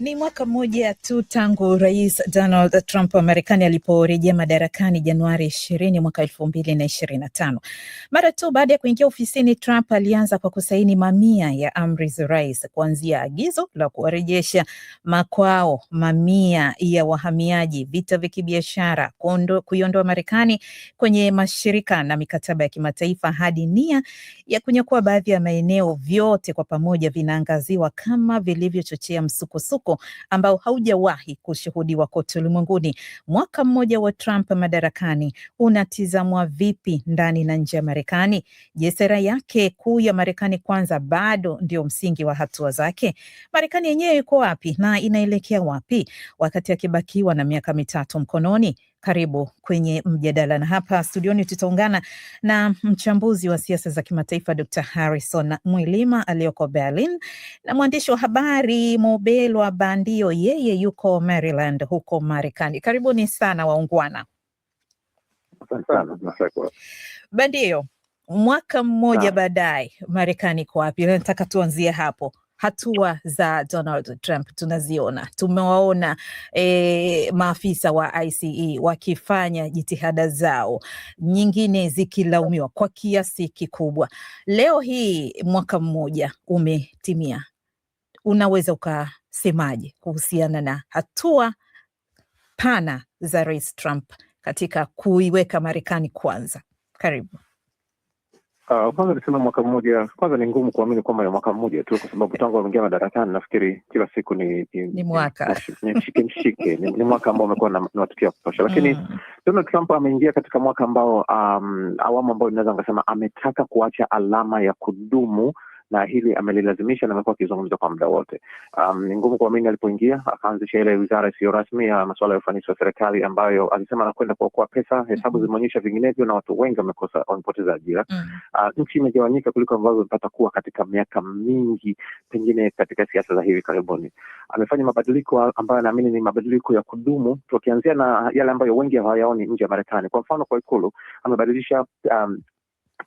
Ni mwaka mmoja tu tangu Rais Donald Trump wa Marekani aliporejea madarakani Januari ishirini mwaka elfu mbili na ishirini na tano. Mara tu baada ya kuingia ofisini, Trump alianza kwa kusaini mamia ya amri za rais, kuanzia agizo la kuwarejesha makwao mamia ya wahamiaji, vita vya kibiashara, kuiondoa Marekani kwenye mashirika na mikataba ya kimataifa, hadi nia ya kunyakua baadhi ya maeneo, vyote kwa pamoja vinaangaziwa kama vilivyochochea msukosuko mlipuko ambao haujawahi kushuhudiwa kote ulimwenguni. Mwaka mmoja wa Trump madarakani unatizamwa vipi ndani na nje ya Marekani? Je, sera yake kuu ya Marekani kwanza bado ndio msingi wa hatua zake? Marekani yenyewe iko wapi na inaelekea wapi wakati akibakiwa na miaka mitatu mkononi? Karibu kwenye mjadala, na hapa studioni tutaungana na mchambuzi wa siasa za kimataifa Dr. Harrison Mwilima aliyoko Berlin na mwandishi wa habari Mobelwa Bandio, yeye yuko Maryland huko Marekani. Karibuni sana waungwana. Bandio, mwaka mmoja baadaye Marekani iko wapi? Nataka tuanzie hapo hatua za Donald Trump tunaziona, tumewaona e, maafisa wa ICE wakifanya jitihada zao, nyingine zikilaumiwa kwa kiasi kikubwa. Leo hii mwaka mmoja umetimia, unaweza ukasemaje kuhusiana na hatua pana za Rais Trump katika kuiweka Marekani kwanza? Karibu. Uh, kwanza nisema mwaka mmoja kwanza ni ngumu kuamini kwamba ni mwaka mmoja tu, kwa sababu tangu ameingia madarakani nafikiri kila siku ni ni mwaka mshike mshike, ni mwaka ambao umekuwa na matukio ya kutosha, lakini mm. Donald Trump ameingia katika mwaka ambao um, awamu ambayo inaweza nikasema ametaka kuacha alama ya kudumu na hili amelilazimisha na amekuwa akizungumza kwa muda wote. Um, ni ngumu kuamini alipoingia akaanzisha ile wizara isiyo rasmi ya masuala ya ufanisi wa serikali ambayo alisema anakwenda kuokoa pesa. Hesabu mm-hmm. zimeonyesha vinginevyo, na watu wengi wamekosa wamepoteza ajira mm. Uh, nchi imegawanyika kuliko ambavyo imepata kuwa katika miaka mingi, pengine katika siasa za hivi karibuni. Amefanya mabadiliko ambayo naamini ni mabadiliko ya kudumu, tukianzia na yale ambayo wengi hawayaoni nje ya Marekani. Kwa mfano, kwa Ikulu amebadilisha um,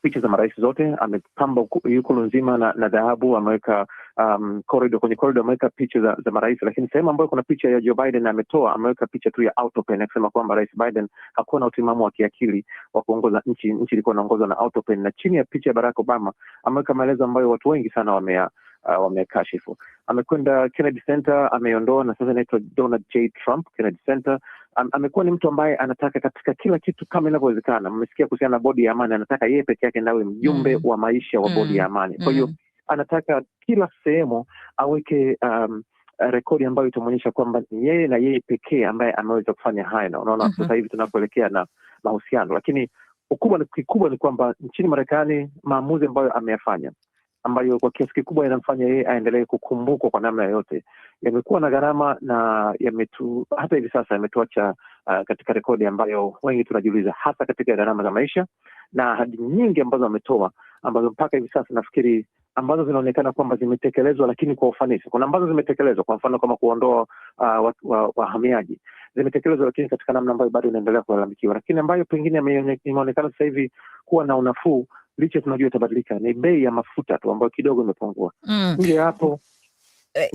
picha za marais zote, amepamba Ikulu nzima na, na dhahabu. Ameweka um, corridor kwenye korido ameweka picha za, za marais, lakini sehemu ambayo kuna picha ya Joe Biden ametoa, ameweka picha tu ya autopen akisema kwamba Rais Biden hakuwa na utimamu wa kiakili wa kuongoza nchi. Nchi ilikuwa inaongozwa na autopen, na chini ya picha ya Barack Obama ameweka maelezo ambayo watu wengi sana wamea Uh, wamekashifu. Amekwenda Kennedy Center, ameondoa na sasa inaitwa Donald J Trump Kennedy Center amekuwa ni mtu ambaye anataka katika kila kitu kama inavyowezekana. Mmesikia kuhusiana na bodi ya amani, anataka yeye peke yake ndawe mjumbe mm. wa maisha wa mm. bodi ya mm. amani. Kwa hiyo mm. anataka kila sehemu aweke um, rekodi ambayo itamwonyesha kwamba ni yeye na yeye pekee ambaye ameweza kufanya haya, na unaona mm -hmm. sasa hivi tunapoelekea na mahusiano, lakini ukubwa kikubwa ni kwamba nchini Marekani maamuzi ambayo ameyafanya ambayo kwa kiasi kikubwa inamfanya yeye aendelee kukumbukwa kwa namna yoyote. Yamekuwa na gharama na yametu, hata hivi sasa yametuacha uh, katika rekodi ambayo wengi tunajiuliza, hasa katika gharama za maisha na ahadi nyingi ambazo ametoa ambazo mpaka hivi sasa nafikiri ambazo zinaonekana kwamba zimetekelezwa, lakini kwa ufanisi. Kuna ambazo zimetekelezwa, kwa mfano kama kuondoa uh, wahamiaji wa, wa zimetekelezwa, lakini katika namna ambayo bado inaendelea kulalamikiwa, lakini ambayo pengine imeonekana sasa hivi kuwa na unafuu licha tunajua itabadilika, ni bei ya mafuta tu ambayo kidogo imepungua mm. nje mm. hapo eh,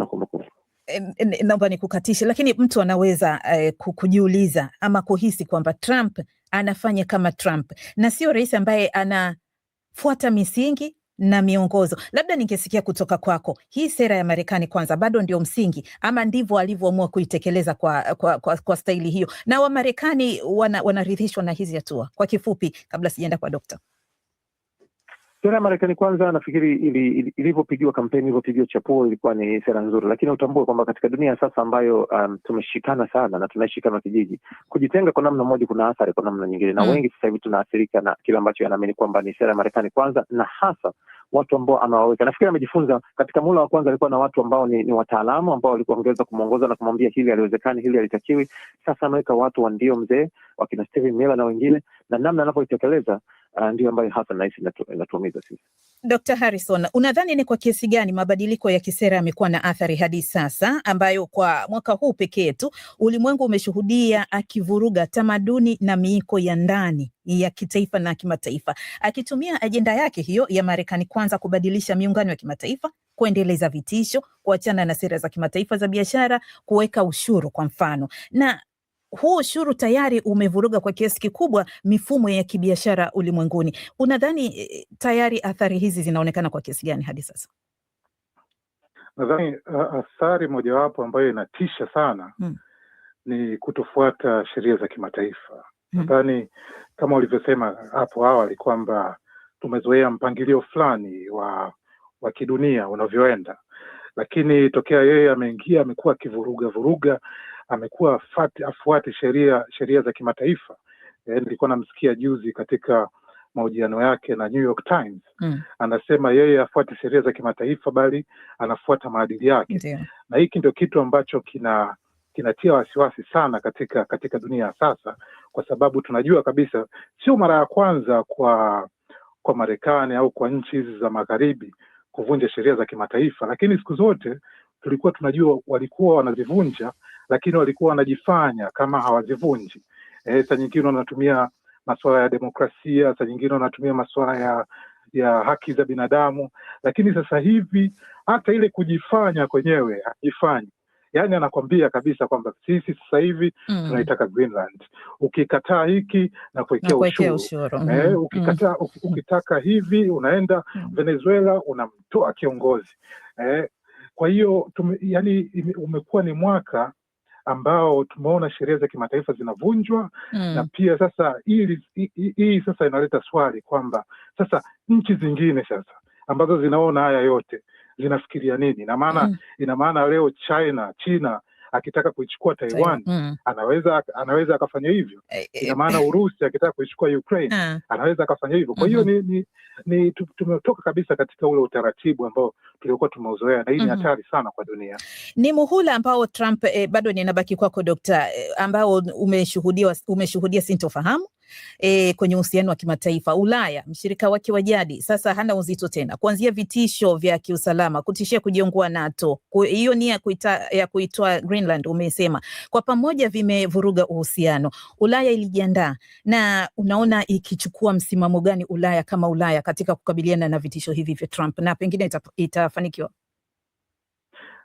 eh naomba nikukatishe, lakini mtu anaweza eh, kujiuliza ama kuhisi kwamba Trump anafanya kama Trump na sio rais ambaye anafuata misingi na miongozo. Labda ningesikia kutoka kwako, hii sera ya Marekani kwanza bado ndio msingi ama ndivyo alivyoamua kuitekeleza kwa, kwa, kwa, kwa staili hiyo, na Wamarekani wanaridhishwa wana na hizi hatua? Kwa kifupi, kabla sijaenda kwa dokta. Sera ya Marekani kwanza nafikiri ilivyopigiwa ili, ili kampeni ilivyopigiwa chapuo ilikuwa ni sera nzuri, lakini utambue kwamba katika dunia ya sasa ambayo um, tumeshikana sana na tunaishi kama kijiji, kujitenga kwa namna moja kuna athari kwa namna nyingine, na mm, wengi sasa hivi tunaathirika na kile ambacho yanaamini kwamba ni sera ya Marekani kwanza na hasa watu ambao anawaweka. Nafikiri amejifunza katika mula wa kwanza, alikuwa na watu ambao ni, ni wataalamu ambao walikuwa wangeweza kumwongoza na kumwambia hili aliwezekani, hili alitakiwi. Sasa ameweka watu wa ndio mzee, wakina Stephen Miller na wengine, na namna anavyoitekeleza Ah, ndio ambayo hasa nahisi inatuumiza sisi. Dr. Harrison, unadhani ni kwa kiasi gani mabadiliko ya kisera yamekuwa na athari hadi sasa, ambayo kwa mwaka huu pekee tu ulimwengu umeshuhudia akivuruga tamaduni na miiko ya ndani ya kitaifa na kimataifa, akitumia ajenda yake hiyo ya Marekani kwanza kubadilisha miungano ya kimataifa, kuendeleza vitisho, kuachana na sera za kimataifa za biashara, kuweka ushuru kwa mfano na huu ushuru tayari umevuruga kwa kiasi kikubwa mifumo ya kibiashara ulimwenguni. Unadhani eh, tayari athari hizi zinaonekana kwa kiasi gani hadi sasa? Nadhani athari mojawapo ambayo inatisha sana hmm, ni kutofuata sheria za kimataifa. Hmm. Nadhani kama ulivyosema hapo awali kwamba tumezoea mpangilio fulani wa wa kidunia unavyoenda, lakini tokea yeye ameingia amekuwa akivuruga vuruga amekuwa afuate sheria sheria za kimataifa. E, nilikuwa namsikia juzi katika mahojiano yake na New York Times mm. Anasema yeye afuate sheria za kimataifa, bali anafuata maadili yake Ndiyo. Na hiki ndio kitu ambacho kina kinatia wasiwasi sana katika katika dunia ya sasa, kwa sababu tunajua kabisa sio mara ya kwanza kwa kwa Marekani au kwa nchi hizi za magharibi kuvunja sheria za kimataifa, lakini siku zote tulikuwa tunajua walikuwa wanazivunja lakini walikuwa wanajifanya kama hawazivunji. E, saa nyingine wanatumia masuala ya demokrasia, saa nyingine wanatumia masuala ya ya haki za binadamu, lakini sasa hivi hata ile kujifanya kwenyewe hajifanyi. Yaani anakwambia kabisa kwamba sisi sasa hivi mm. tunaitaka Greenland, ukikataa hiki na kuwekea ushuru, eh, Mm. Eh, ukikataa mm. ukitaka hivi unaenda mm. Venezuela unamtoa kiongozi eh, kwa hiyo yani, umekuwa ni mwaka ambao tumeona sheria za kimataifa zinavunjwa mm. na pia sasa hii sasa inaleta swali kwamba sasa nchi zingine sasa ambazo zinaona haya yote zinafikiria nini? Ina maana mm. ina maana leo China China akitaka kuichukua Taiwan mm. anaweza anaweza akafanya hivyo. Eh, eh, Ina maana eh. Urusi akitaka kuichukua Ukraine uh. anaweza akafanya hivyo. Kwa hiyo mm -hmm. ni, ni, ni tumetoka kabisa katika ule utaratibu ambao tuliokuwa tumeuzoea na hii ni mm hatari -hmm. sana kwa dunia. Ni muhula ambao Trump eh, bado ninabaki kwako Dokta eh, ambao umeshuhudia umeshuhudia sintofahamu e, kwenye uhusiano wa kimataifa. Ulaya, mshirika wake wa jadi, sasa hana uzito tena, kuanzia vitisho vya kiusalama, kutishia kujiungua NATO, hiyo nia ya kuitoa Greenland umesema kwa pamoja vimevuruga uhusiano. Ulaya ilijiandaa na unaona ikichukua msimamo gani Ulaya kama Ulaya katika kukabiliana na vitisho hivi vya Trump na pengine itafanikiwa ita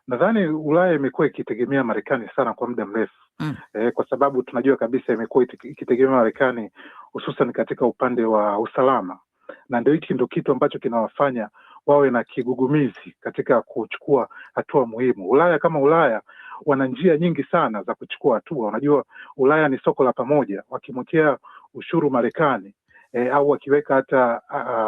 Nadhani Ulaya imekuwa ikitegemea Marekani sana kwa muda mrefu mm. E, kwa sababu tunajua kabisa imekuwa ikitegemea Marekani hususan katika upande wa usalama, na ndio hiki ndo kitu ambacho kinawafanya wawe na kigugumizi katika kuchukua hatua muhimu. Ulaya kama Ulaya wana njia nyingi sana za kuchukua hatua. Unajua, Ulaya ni soko la pamoja. Wakimwekea ushuru Marekani e, au wakiweka hata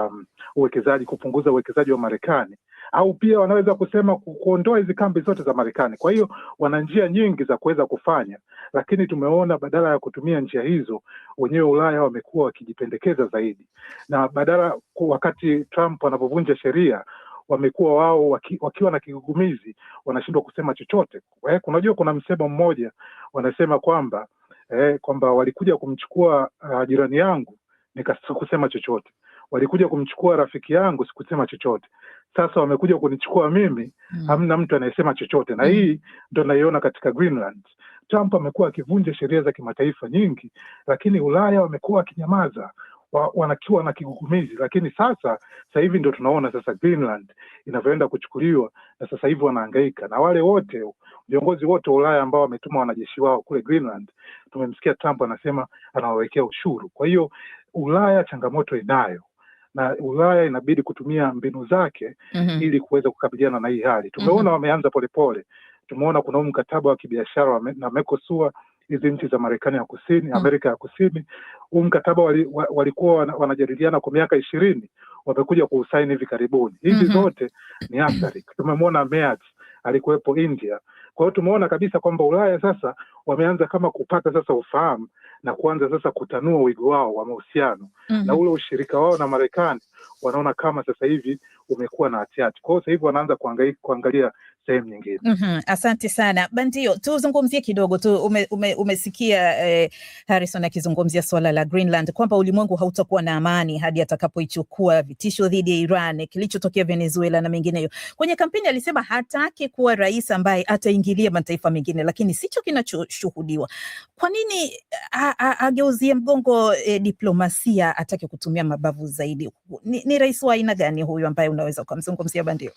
um, uwekezaji, kupunguza uwekezaji wa Marekani au pia wanaweza kusema kuondoa hizi kambi zote za Marekani. Kwa hiyo wana njia nyingi za kuweza kufanya, lakini tumeona badala ya kutumia njia hizo, wenyewe Ulaya wamekuwa wakijipendekeza zaidi, na badala wakati Trump anapovunja sheria wamekuwa wao waki, wakiwa na kigugumizi, wanashindwa kusema chochote. Eh, unajua kuna msemo mmoja wanasema kwamba eh, kwamba walikuja kumchukua uh, jirani yangu nikakusema chochote, walikuja kumchukua rafiki yangu sikusema chochote. Sasa wamekuja kunichukua mimi mm. Hamna mtu anayesema chochote na mm. Hii ndo naiona katika Greenland. Trump amekuwa akivunja sheria za kimataifa nyingi, lakini Ulaya wamekuwa wakinyamaza wa, wanakiwa na kigugumizi, lakini sasa sasa hivi ndo tunaona sasa Greenland inavyoenda kuchukuliwa, na sasa hivi wanahangaika na wale wote viongozi wote wa Ulaya ambao wametuma wanajeshi wao kule Greenland. Tumemsikia Trump anasema anawawekea ushuru. Kwa hiyo Ulaya changamoto inayo na Ulaya inabidi kutumia mbinu zake mm -hmm. ili kuweza kukabiliana na hii hali. Tumeona mm -hmm. wameanza polepole, tumeona kuna huu mkataba wa kibiashara na Mekosua hizi nchi za Marekani ya Kusini mm. Amerika ya Kusini. Huu mkataba walikuwa wali wana, wanajadiliana kwa miaka ishirini, wamekuja kuusaini hivi karibuni. Hizi mm -hmm. zote ni athari. Tumemwona Merz alikuwepo India. Kwa hiyo tumeona kabisa kwamba Ulaya sasa wameanza kama kupata sasa ufahamu na kuanza sasa kutanua wigo wao wa mahusiano mm -hmm. na ule ushirika wao na Marekani wanaona kama sasa hivi umekuwa na hatihati. Kwa hiyo sasa hivi wanaanza kuangalia, kuangalia sehemu nyingine. mm -hmm. Asante sana Bandio, tuzungumzie kidogo tu ume, ume, umesikia eh, Harrison akizungumzia suala la Greenland kwamba ulimwengu hautakuwa na amani hadi atakapoichukua vitisho dhidi ya Iran, kilichotokea Venezuela na mengineyo. Kwenye kampeni alisema hataki kuwa rais ambaye ataingilia mataifa mengine, lakini sicho kinachoshuhudiwa. Kwa nini ageuzie mgongo eh, diplomasia, atake kutumia mabavu zaidi? Ni, ni rais wa aina gani huyu ambaye unaweza ukamzungumzia Bandio?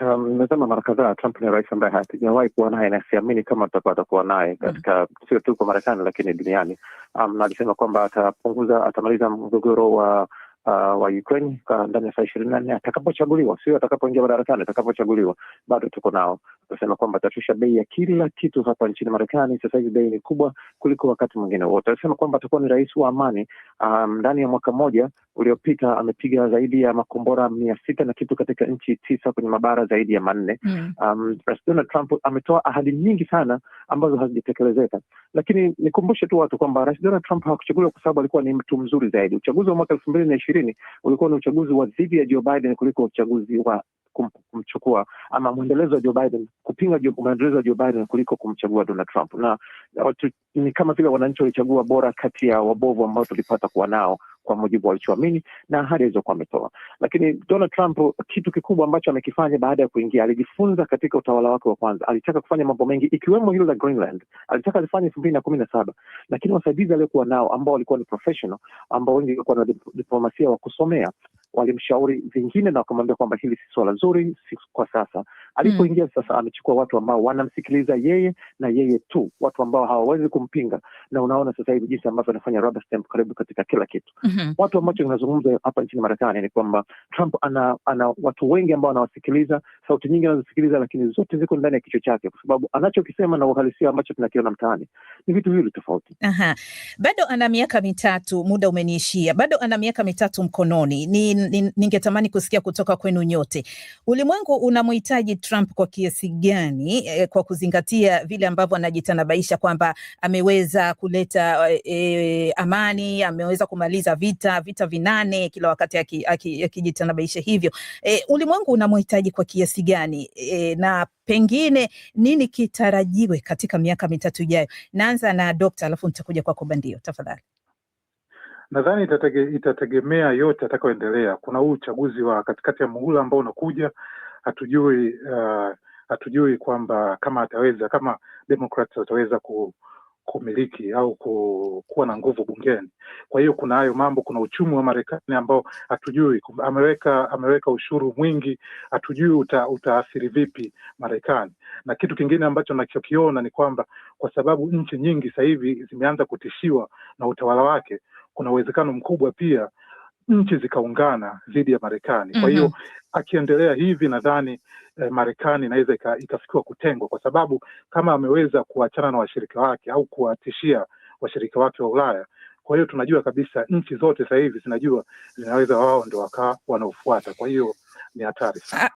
Nimesema um, mara kadhaa Trump ni rais ambaye hatujawahi kuwa naye na siamini kama tutakuwa atakuwa naye mm. katika mm, sio tu kwa Marekani lakini duniani. Um, na alisema kwamba atapunguza, atamaliza mgogoro wa uh, wa Ukraine uh, ndani ya saa ishirini na nne atakapochaguliwa, sio atakapoingia madarakani, atakapochaguliwa. Bado tuko nao tunasema kwamba atashusha bei ya kila kitu hapa nchini Marekani. Sasa hivi bei ni kubwa kuliko wakati mwingine wote. Anasema kwamba atakuwa ni rais wa amani. Um, Ndani ya mwaka mmoja uliopita amepiga zaidi ya makombora mia sita na kitu katika nchi tisa kwenye mabara zaidi ya manne. Mm. Um, Donald Trump ametoa ahadi nyingi sana ambazo hazijatekelezeka, lakini nikumbushe tu watu kwamba Rais Donald Trump hakuchaguliwa kwa sababu alikuwa ni mtu mzuri zaidi. Uchaguzi wa mwaka elfu mbili na ishirini ishirini ulikuwa ni uchaguzi wa dhidi ya Joe Biden kuliko uchaguzi wa kum, kumchukua ama mwendelezo wa Joe Biden kupinga mwendelezo wa Joe Biden kuliko kumchagua Donald Trump, na, na ni kama vile wananchi walichagua bora kati ya wabovu ambao tulipata kuwa nao kwa mujibu walichoamini na ahadi alizokuwa ametoa. Lakini Donald Trump, kitu kikubwa ambacho amekifanya baada ya kuingia, alijifunza katika utawala wake wa kwanza, alitaka kufanya mambo mengi ikiwemo hilo la Greenland, alitaka alifanya elfu mbili na kumi na saba, lakini wasaidizi aliokuwa nao ambao walikuwa ni professional, ambao wengi walikuwa na diplomasia wa kusomea walimshauri vingine na wakamwambia kwamba hili si swala zuri si kwa sasa. Alipoingia mm. sasa amechukua watu ambao wanamsikiliza yeye na yeye tu, watu ambao hawawezi kumpinga, na unaona sasa hivi jinsi ambavyo anafanya rubber stamp karibu katika kila kitu mm -hmm. Watu ambacho inazungumza hapa nchini Marekani ni kwamba Trump ana, ana watu wengi ambao anawasikiliza, sauti nyingi anazosikiliza, lakini zote ziko ndani ya kichwa chake, kwa sababu anachokisema na uhalisia ambacho tunakiona mtaani ni vitu viwili tofauti. Aha. Bado ana miaka mitatu, muda umeniishia, bado ana miaka mitatu mkononi ni ningetamani kusikia kutoka kwenu nyote. Ulimwengu unamhitaji Trump kwa kiasi gani eh, kwa kuzingatia vile ambavyo anajitanabaisha kwamba ameweza kuleta eh, amani, ameweza kumaliza vita vita vinane kila wakati akijitanabaisha aki, aki hivyo eh, ulimwengu unamhitaji kwa kiasi gani eh, na pengine nini kitarajiwe katika miaka mitatu ijayo? Naanza na dokta, alafu nitakuja kwako Bandio, tafadhali. Nadhani itatege, itategemea yote atakayoendelea. Kuna huu uchaguzi wa katikati ya muhula ambao unakuja, hatujui uh, hatujui kwamba kama ataweza kama Democrats wataweza ku, kumiliki au ku, kuwa na nguvu bungeni. Kwa hiyo kuna hayo mambo, kuna uchumi wa Marekani ambao hatujui, ameweka ameweka ushuru mwingi, hatujui uta, utaathiri vipi Marekani. Na kitu kingine ambacho nachokiona ni kwamba kwa sababu nchi nyingi sasa hivi zimeanza kutishiwa na utawala wake, kuna uwezekano mkubwa pia nchi zikaungana dhidi ya Marekani. Kwa mm hiyo -hmm. akiendelea hivi, nadhani eh, Marekani inaweza ikafikiwa kutengwa, kwa sababu kama ameweza kuachana na washirika wake au kuwatishia washirika wake wa Ulaya, kwa hiyo tunajua kabisa nchi zote sasa hivi zinajua zinaweza wao ndo wakawa wanaofuata, kwa hiyo ni hatari sana.